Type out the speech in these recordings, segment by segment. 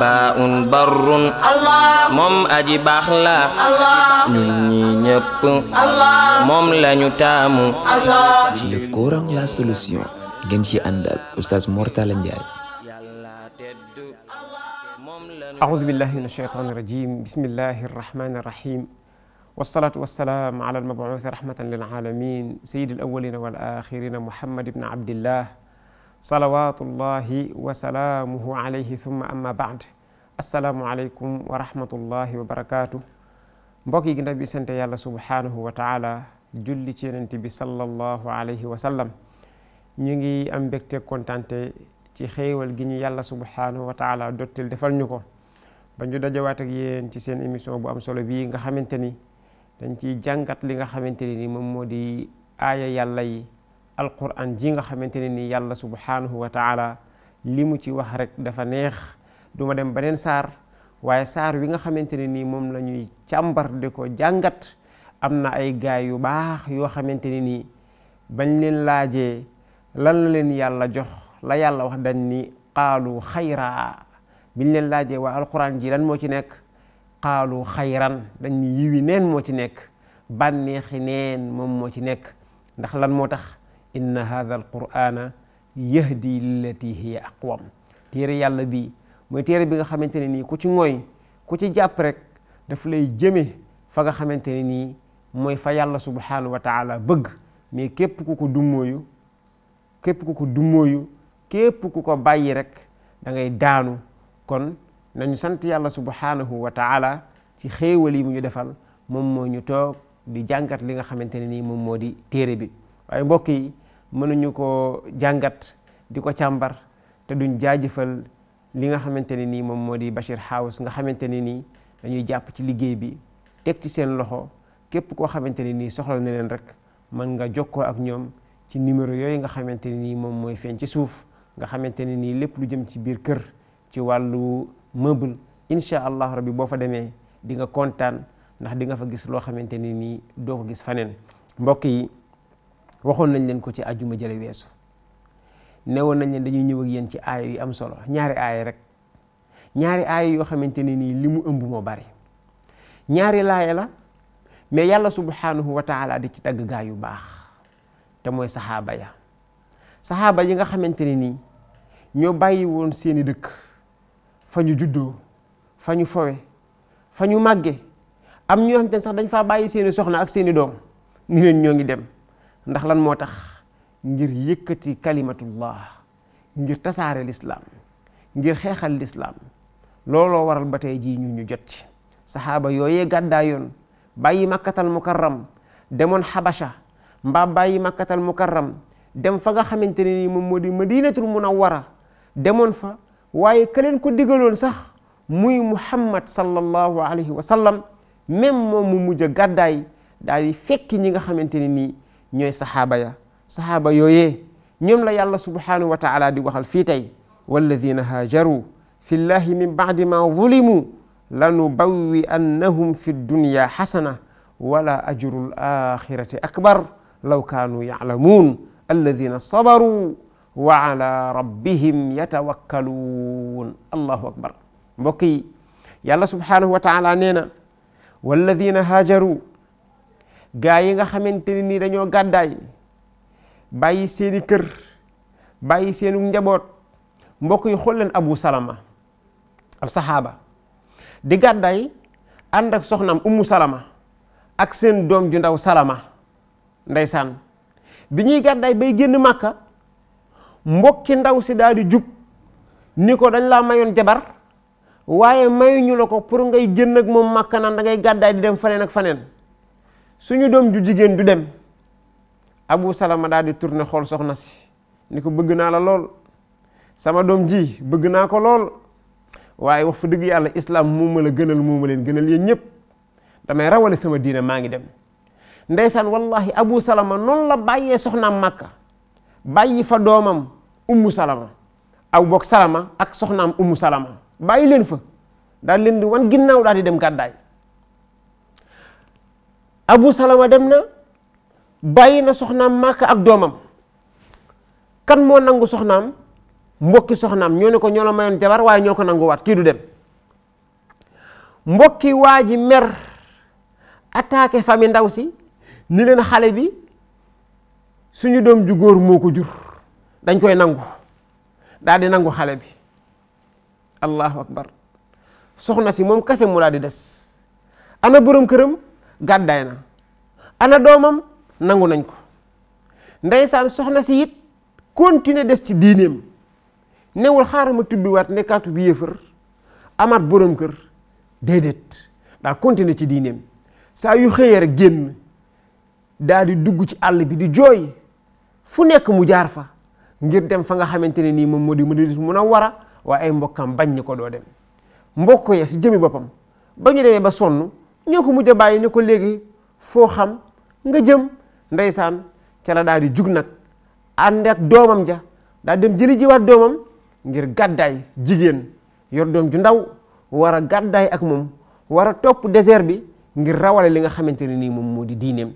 baa un barrun moom aji baax la ñun ñi ñëpp moom lañu taamu le Coran la solution ngeen ci ànd ak oustaz Mortala Ndiaye أعوذ بالله من الشيطان الرجيم بسم الله الرحمن الرحيم والصلاة والسلام على المبعوث رحمة للعالمين سيد الأولين والآخرين محمد بن عبد الله salawaatullahi wa salaamuhu alayhi thumma amma baad assalaamu aleykum wa rahmatullahi wa barakaatu mbokk yi ginnaaw bi sante yàlla subhaanahu wa taala julli ci yonent bi sallallahu alayhi wa sallam ñu ngi am mbégte kontante ci xéewal gi ñu yàlla subhaanahu wa taala dottil defal ñu ko ba ñu dajawaat ak ci seen émission bu am solo bii nga xamante ni dañ ciy jàngat li nga xamante ni moom moo di aaya yàlla yi alquran ji nga xamante ne ni yàlla subhanahu wa taala li mu ci wax rek dafa neex duma ma dem beneen saar waaye saar wi nga xamante ne nii moom la ñuy càmbar di ko jàngat am na ay gaay yu baax yoo xamante ne nii bañ leen laajee lan la leen yàlla jox la yàlla wax dañ ni qaalu xayraa biñ leen laajee waa alquran ji lan moo ci nekk qaalu xayran dañ ni yiwi neen moo ci nekk bànneexi neen moom moo ci nekk ndax lan moo tax inna hadha al qur'ana yahdi lillati hiya aqwam téere yàlla bii mooy téere bi nga xamante ne nii ku ci mooy ku ci jàpp rek daf lay jëme fa nga xamante ne nii mooy fa yàlla subhanahu wa taala bëgg mais képp ku ko dummóoyu képp ku ko dummóoyu képp ku ko bàyyi rek dangay daanu kon nañu sant yàlla subhanahu wa taala ci xéewal yi mu ñu defal moom moo ñu toog di jàngat li nga xamante ne nii moom moo di téere bi waaye mbokk mënuñu koo jàngat di ko càmbar te duñ jaajëfal li nga xamante ne nii moom moo di Bachir House nga xamante ne nii dañuy jàpp ci liggéey bi teg ci seen loxo képp koo xamante ne nii soxla na leen rek mën nga ko ak ñoom ci numéro yooyu nga xamante ne nii moom mooy feeñ ci suuf nga xamante ne nii lépp lu jëm ci biir kër ci wàllu meuble incha allah rabbi boo fa demee di nga kontaan ndax di nga fa gis loo xamante ni nii doo ko gis faneen mbokk yi. waxoon nañ leen ko ci àjjuma jële weesu ne woon nañ leen dañuy ñëw ak yéen ci aaya yu am solo ñaari aaya rek ñaari aaya yoo xamante ne nii li mu ëmb moo bari ñaari laaye la mais yàlla subhanahu wa taala di ci tagg gaa yu baax te mooy saxaaba ya saxaaba yi nga xamante ne nii ñoo bàyyi woon seeni dëkk fa ñu juddoo fa ñu fowe fa ñu màggee am ñoo xamante ne sax dañ faa bàyyi seeni soxna ak seeni doom ni leen ñoo ngi dem ndax lan moo tax ngir yëkkati kalimatullah ngir tasaare lislaam ngir xeexal lislaam looloo waral ba tey jii ñu ñu jot ci saxaaba yooyee gàddaayoon bàyyi makkatal mukarram demoon xabasha mbaa bàyyi makkatal mukarram dem fa nga xamante ne ni moom moo di madinatul munawwara demoon fa waaye ka ko digaloon sax muy muhammad sallallahu alayhi wa sallam même moom mu mujj a gàddaay daal di fekki ñi nga xamante ne nii ñooy saxaaba ya saxaaba yooyee ñoom la yàlla subhanahu wa taala di waxal fii tey walladina haajaru fi llahi min baadi ma zulimu lanu bawwi annahum fi dunya xasana wala ajru alaxirati akbar law kaanu yaclamuun alladina sabaru wa ala rabbihim yatawakkaluun allahu akbar mbokk yi wa taala nee gaa yi nga xamante ni dañoo gàddaay bàyyi seeni kër bàyyi seenu njaboot mbokk yi xool leen abu salama ab saxaaba di gàddaay ànd ak soxnaam ummu salama ak seen doom ju ndaw salama ndeysaan bi ñuy gàddaay bay génn màkka mbokki ndaw si daal di ni ko dañ laa mayoon jabar waaye mayuñu la ko pour ngay génn ak moom màkka naan da ngay gàddaay di dem faneen ak faneen suñu doom ju jigéen du dem abu salama daal di tourné xool soxna si ni ko bëgg naa la lool sama doom ji bëgg naa ko lool waaye wax fa dëgg yàlla islaam moo ma la gënal moo ma leen gënal yéen ñëpp damay rawale sama diina maa ngi dem ndeysaan wallahi abu salama noonu la bàyyee soxnaam màkka bàyyi fa doomam ummu salama aw boog salama ak soxnaam ummu salama bàyyi leen fa daal leen di wan ginnaaw daal di dem gàddaay abu salama dem na bàyyi na soxnaam màkk ak doomam kan moo nangu soxnaam mbokki soxnaam ñoo ne ko ñoo la mayoon jabar waaye ñoo ko nanguwaat kii du dem mbokki waa ji mer attaqué famille ndaw si ni leen xale bi suñu doom ju góor moo ko jur dañ koy nangu daal di nangu xale bi allahu akbar soxna si moom kase mu daal di des ana borom këram gàddaay na ana doomam nangu nañ ko ndeysaan soxna si it continuer des ci diineem newul xaaral ma tubbiwaat nekkaatu bi yëfër amaat borom kër déedéet daa continuer ci diineem saa yu xëyee rek génn daa di dugg ci àll bi di jooy fu nekk mu jaar fa ngir dem fa nga xamante ne nii moom moo di Madinatul Munawwara waa ay mbokkam bañ ni ko doo dem mbokk ya si jëmi boppam bañu ñu demee ba sonn ñoo ko mujj a bàyyi ni ko léegi foo xam nga jëm ndeysaan ca la daal di jug nag ànd ak doomam ja daal dem jëli jiwaat doomam ngir gàddaay jigéen yor doom ju ndaw war a gàddaay ak moom war a topp désert bi ngir rawale li nga xamante ne nii moom moo di diineem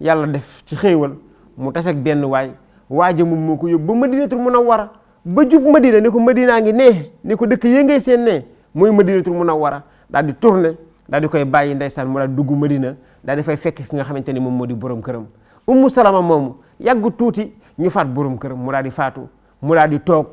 yàlla def ci xéewal mu tase benn waay waaja moom mu ko yóbbu ba madinatul munawwara ba jub madina ni ko madinaa ngi nee ni ko dëkk yee ngay seen nee mooy madinatul munawwara daal di tourné daal di koy bàyyi ndeysaan mu daal dugg Madina daal di fay fekk ki nga xamante ni moom moo di borom këram ummu salama moomu yàgg tuuti ñu faat borom këram mu daal di faatu mu daal di toog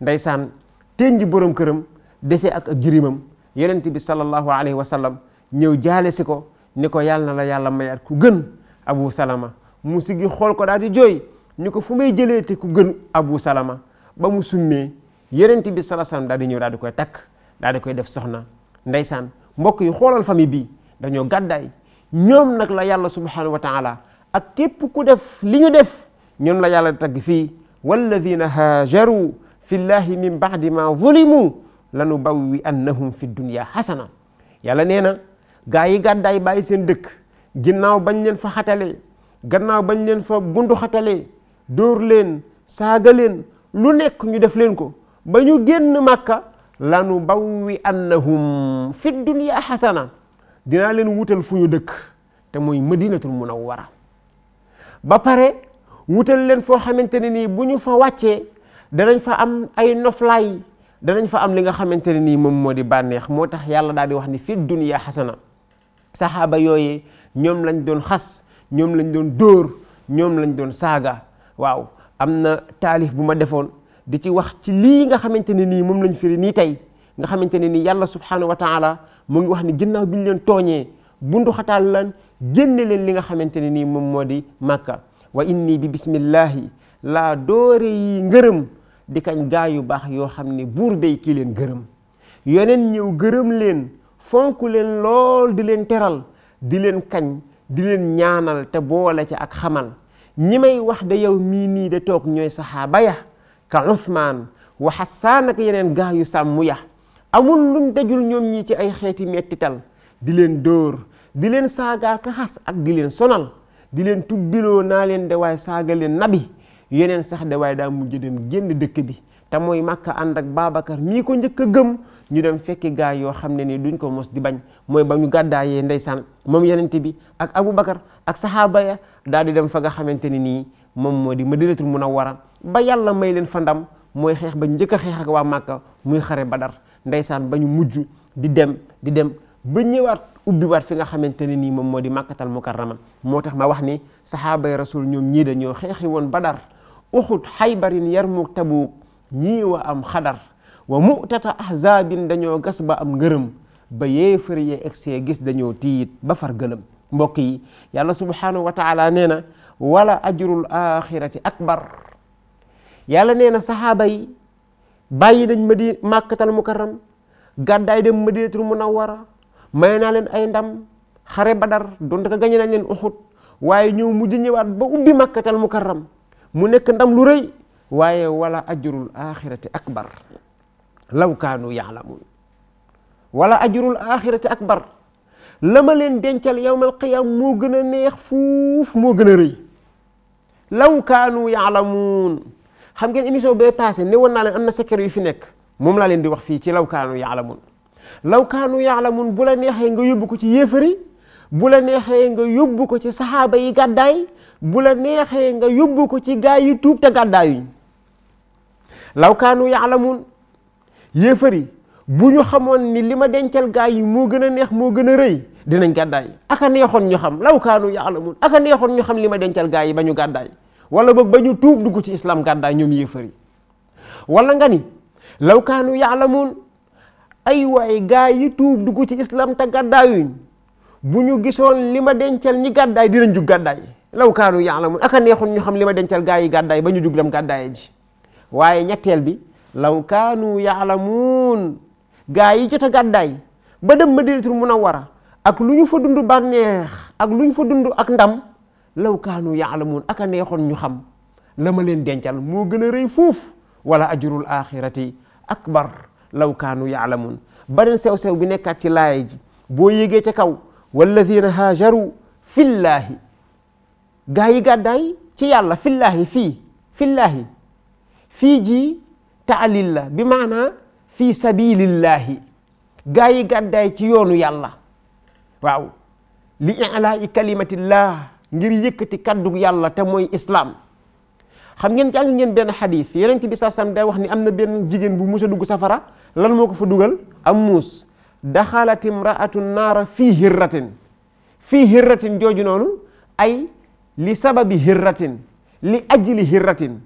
ndeysaan teen ji borom këram dese ak ak jirimam yonent bi sallallahu alayhi wa sallam ñëw jaale si ko ni ko yàlla na la yàlla mayaat ku gën abu salama mu siggi xool ko daal di jooy ni ko fu may jëlee te gën abu salama ba mu summee yonent bi sallallahu alayhi wa sallam daal di ñëw daal di koy takk daal di koy def soxna ndeysaan mbokk yi xoolal famille bii dañoo gàddaay ñoom nag la yàlla subhanahu wa taala ak képp ku def li ñu def ñoom la yàlla tagg fii walladina haajaru fi llahi min di ma zulimu lanu bawwi annahum fi dunya hasana yàlla nee na gaa yi gàddaay bàyyi seen dëkk ginnaaw bañ leen fa xatale gannaaw bañ leen fa bundu xatale dóor leen saaga leen lu nekk ñu def leen ko ba ñu génn màkka lanu bawwi annahum fi dunya xasana dinaa leen wutal fu ñu dëkk te muy mooy a wara ba pare wutal leen foo xamante ne nii bu ñu fa wàccee danañ fa am ay noflaay danañ fa am li nga xamante ne nii moom moo di bànneex moo tax yàlla daal di wax ni fi dunya xasana saxaaba yooyee ñoom lañ doon xas ñoom lañ doon dóor ñoom lañ doon saaga waaw am na taalif bu ma defoon di ci wax ci lii nga xamante ne nii moom lañ firi nii tey nga xamante ne nii yàlla subhanahu wa taala mu ngi wax ni ginnaaw bi ñu leen tooñee bunduxataal lan génne leen li nga xamante ne nii moom moo di màkka wa inni bi bismillahi laa doore yi ngërëm di kañ gaa yu baax yoo xam ne buur bay kii leen gërëm yeneen ñëw gërëm leen fonk leen lool di leen teral di leen kañ di leen ñaanal te boole ci ak xamal ñi may wax de yow mii nii da toog ñooy saxaaba ya ka Ousmane wa Hassaan yeneen gaa yu sàmm ya amul luñ dajul ñoom ñii ci ay xeeti mettital di leen dóor di leen saagaa ka xas ak di leen sonal di leen tubbiloo naa leen de waay saaga leen nabi yeneen sax de waaye daa mujj dem génn dëkk bi te mooy Makka ànd ak Babacar mii ko njëkk gëm ñu dem fekki gaa yoo xam ne ni duñ ko mos di bañ mooy ba ñu gàddaayee ndeysaan moom yonent bi ak abu Aboubacar ak saxaaba ya daal di dem fa nga xamante ne nii moom moo di Madinatul Munawwara ba yàlla may leen fa ndam mooy xeex ba njëkk a xeex ak waa Màkka muy xare Badar ndeysaan ba ñu mujj di dem di dem ba ñëwaat ubbi waat fi nga xamante ne nii moom moo di màkkatal mukarrama moo tax ma wax ni saxaabay rasul ñoom ñii dañoo xeexi woon Badar Uxud Xaybarin yar Yarmuk Tabuuk ñii wa am xadar wa mutata ahzaabin dañoo gas ba am ngërëm ba yéefar yi egsee gis dañoo tiit ba far gëlëm mbokk yi yàlla subhaanahu wa taala nee na wala ajrul axirati akbar yàlla nee na saxaaba yi bàyyi nañ ma madi màkkatal mukarram gàddaay dem madinatul munawwara may naa leen ay ndam xare badar donte ko gañe nañ leen uxut waaye ñëw mujj ñëwaat ba ubbi màkkatal mukarram mu nekk ndam lu rëy waaye wala ajrul axirati akbar law kaanu yaalamun wala ajrul axirati akbar la leen dencal yawmal qiyam moo gën a neex fuuf moo gën a rëy law kaanu yaalamun xam ngeen émission bee passé ne woon naa leen am na secret yu fi nekk moom laa leen di wax fii ci lawkaanu yaalamun lawkaanu mun bu la neexee nga yóbbu ko ci yéefari bu la neexee nga yóbbu ko ci saxaaba yi gàddaay bu la neexee nga yóbbu ko ci gaay yi tuub te gàddaayuñ lawkaanu yaalamun yéefari bu ñu xamoon ni li ma dencal gaay yi moo gën a neex moo gën a rëy dinañ gàddaay aka neexoon ñu xam law kaanu lawkaanu yaalamun aka neexoon ñu xam li ma dencal gaa yi ba ñu gàddaay wala boog ba ñu tuub dugg ci islam gàddaay ñoom yéefar yi wala nga ni law kaanu yaalamuun ay waay gaa yi tuub dugg ci islam te gàddaayuñ bu ñu gisoon li ma dencal ñi gàddaay dinañ jug gàddaay law kaanu yaalamuun aka neexoon ñu xam li ma dencal gaa yi gàddaay ba ñu jug dem gàddaaye ji waaye ñetteel bi law kaanu yaalamuun gaa yi jot a gàddaay ba dem madinatul munawwara ak lu ñu fa dund bànneex ak lu ñu fa dund ak ndam law kaanu yaalamuun ak a neexoon ñu xam la leen dencal moo gën a rëy fuuf wala ajrul axirati akbar law kaanu yaalamuun beneen sew-sew bi nekkaat ci laaya ji boo yégee ca kaw walladina haajaru fillaahi gaa yi gàddaay ci yàlla fillaahi fii fillaahi fii ji taalil la bi maanaa fii sabilillaahi gaa yi gàddaay ci yoonu yàlla waaw li ilaa'i kalimatillah ngir yëkkati kàddug yàlla te mooy islaam xam ngeen jàng ngeen benn xadis yonent bi saa sam day wax ni am na benn jigéen bu musa dugg safara lan moo ko fa dugal am muus daxalat imraatu naara fii hirratin fii hirratin jooju noonu ay li sababi hirratin li ajli hirratin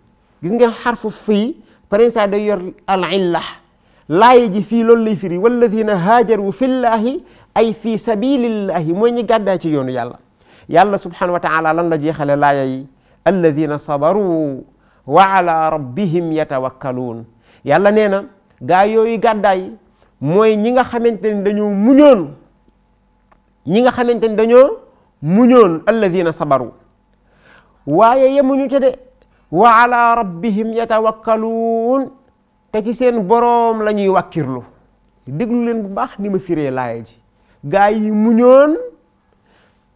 gis ngeen xarfu fii prinça day yor al illa laaye ji fii loolu lay firi walladina haajaru fi llaahi ay fii sabilillahi mooy ñi gàddaa ci yoonu yàlla yàlla subhanahu wa taala lan la jeexale laaya yi alladina sabaru wa ala rabbihim yatawakkaluun yàlla nee na gaa yooyu gàddaay mooy ñi nga xamante ni dañoo muñoon ñi nga xamante ni dañoo muñoon alladina sabaru waaye yemuñu ca de wa ala rabbihim yatawakkaluun te ci seen boroom la ñuy wàkkirlu déglu leen bu baax ni ma firee laaya ji yi muñoon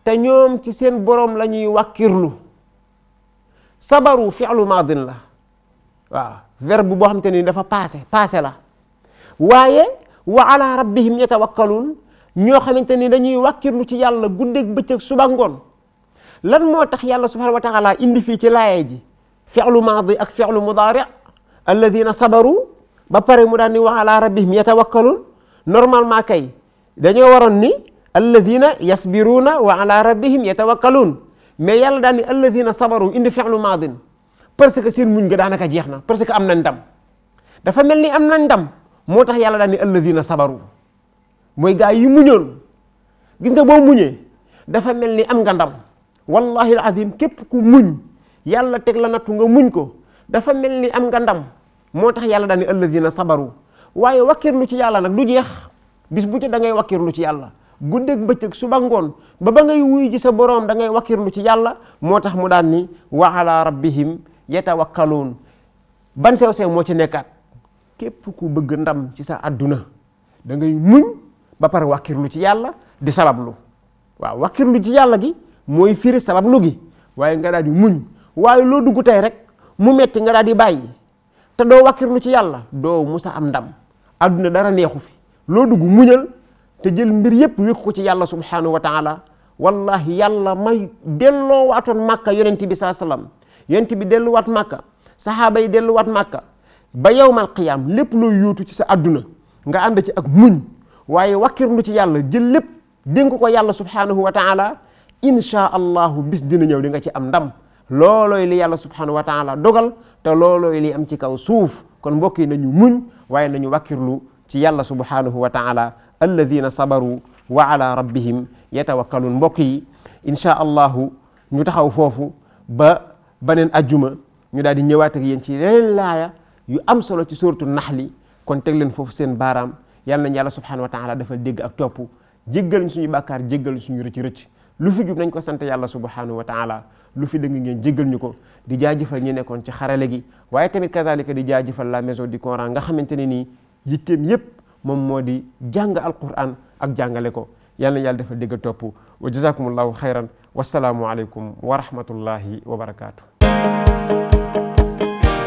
te ñoom ci seen boroom la ñuy wàkkirlu sabaru fi'lu maadin la waaw verbe boo xam te ni dafa passé passé la waaye wa ala rabbihim yatawakkaluun ñoo xamante ni dañuy wàkkirlu ci yàlla guddeeg bëccëg suba ngoon lan moo tax yàlla subhanahu wa indi fii ci laaye ji fi'lu maadi ak fi'lu mudaari alladina sabaru ba pare mu daan ni wa ala rabbihim yatawakkaluun normalement kay dañoo waroon ni alladina yasbiruuna wa ala rabbihim yatawakkaluun mais yàlla daan ni alladina sabaru indi fi'lu maadin parce que seen muñ nga daanaka jeex na parce que am na ndam dafa mel ni am na ndam moo tax yàlla daan ni alladina sabaru mooy gaa yi muñoon gis nga boo muñee dafa mel ni am nga ndam wallahi alazim képp ku muñ yàlla teg la muñ ko dafa mel ni am nga moo tax yàlla daan ni alladina sabaru waaye wakkirlu ci yàlla nag du jeex bis bu ci da ngay wakkirlu ci yàlla guddeeg bëccëg suba ngoon ba ba ngay wuyu ji sa boroom da ngay wakkirlu ci yàlla moo tax mu daan ni wa ala rabbihim yatawakkaluun ban sew sew moo ci nekkaat képp ku bëgg ndam ci sa adduna da ngay muñ ba pare wakkirlu ci yàlla di sabablu waaw wakkirlu ci yàlla gi mooy firi sabablu gi waaye nga daal di muñ waaye loo dugg tey rek mu metti nga daal di bàyyi te doo wakkirlu ci yàlla doo musa am ndam àdduna dara neexu fi loo dugg muñal te jël mbir yépp wékk ko ci yàlla subhanahu wa taala wallahi yàlla may delloo waatoon màkka yonent bi saa salaam yonent bi delluwaat màkka saxaaba yi delluwaat màkka ba yowmal qiyaam lépp loo yóotu ci sa adduna nga ànd ci ak muñ waaye wakkirlu ci yàlla jël lépp dénk ko yàlla subhanahu wa taala insha allahu bis dina ñëw di nga ci am ndam loolooy li yàlla subhanahu wa taala dogal te loolooy li am ci kaw suuf kon mbokk yi nañu muñ waaye nañu wakkirlu ci yàlla subhanahu wa taala alladina sabaru wa ala rabbihim yatawakkalun mbokk yi incha allahu ñu taxaw foofu ba beneen ajjuma ñu daal di ñëwaat ak yéen ci leneen laaya yu am solo ci suuratu naxli kon teg leen foofu seen baaraam yal nañ yàlla subhanahu wa taala dafal dégg ak topp jéggal suñu bàkkaar jéggal suñu rëcc rëcc lu fi jub nañ ko sant yàlla subhanahu wa taala lu fi dëng ngeen jéggal ñu ko di jaajëfal ñi nekkoon ci xarale gi waaye tamit kazalika di jaajëfal la maison du Coran nga xamante ne nii yitteem yépp moom moo di jàng alquran ak jàngale ko yàlla yàlla defal dégg topp wa jazakumullahu xayran wasalaamu aleykum wa rahmatullahi wa barakaatu.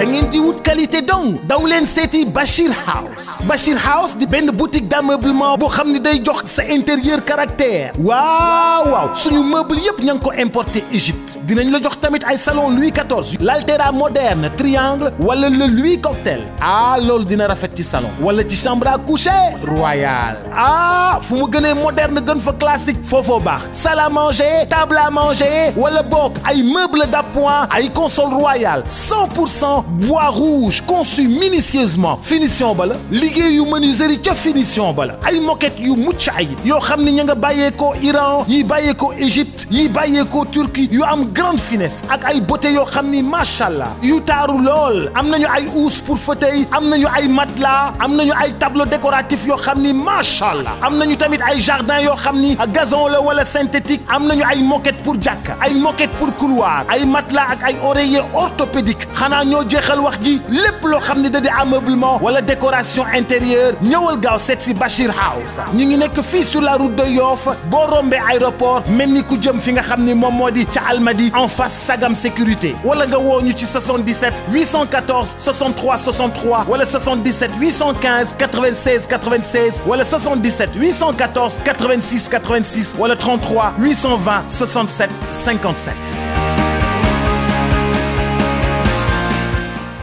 da ngeen di wut qualité donc daw leen seeti Bachir House Bachir House di benn boutique d'ameublement boo xam ne day jox sa intérieur caractère waaw waaw suñu meuble yëpp ña ngi ko importé Égypte dinañ la jox tamit ay salon Louis XIV l'altera moderne triangle wala le Louis cocktail ah loolu dina rafet ci salon wala ci chambre à coucher royal ah fu mu gënee moderne gën fa classique foofoo baax salle à manger table manger wala boog ay meuble d'appoint ay console royale 100 pour cent bois rouge conçu minutieusement finition ba la liggéeyu menuiserie ca finition bala ay moquette yu mucc ay yoo xam ne ña nga bàyyeekoo Iran yi bàyyeekoo Égypte yi bàyeekoo turki yu am grande finesse ak ay beauté yoo xam ni macha allah yu taaru lool am nañu ay housse pour fauteuil am nañu ay matelas am nañu ay tableau décoratif yoo xam ni macha allah am nañu tamit ay jardin yoo xam ni gazon la wala synthétique am nañu ay moquette pour jàkka ay moquette pour couloir ay matelas ak ay oreiller orthopédique jeexal wax ji lépp loo xam ne da di ameublement wala décoration intérieure ñëwal gaaw seet si Bachir House ñu ngi nekk fii sur la route de Yoff boo rombee aéroport mel ni ku jëm fi nga xam ni moom moo di ca Almadi en face Sagam sécurité wala nga woo ñu ci 77 814 63 63 wala 77 815 96 96 wala 77 814 86 86 wala 33 820 67 57.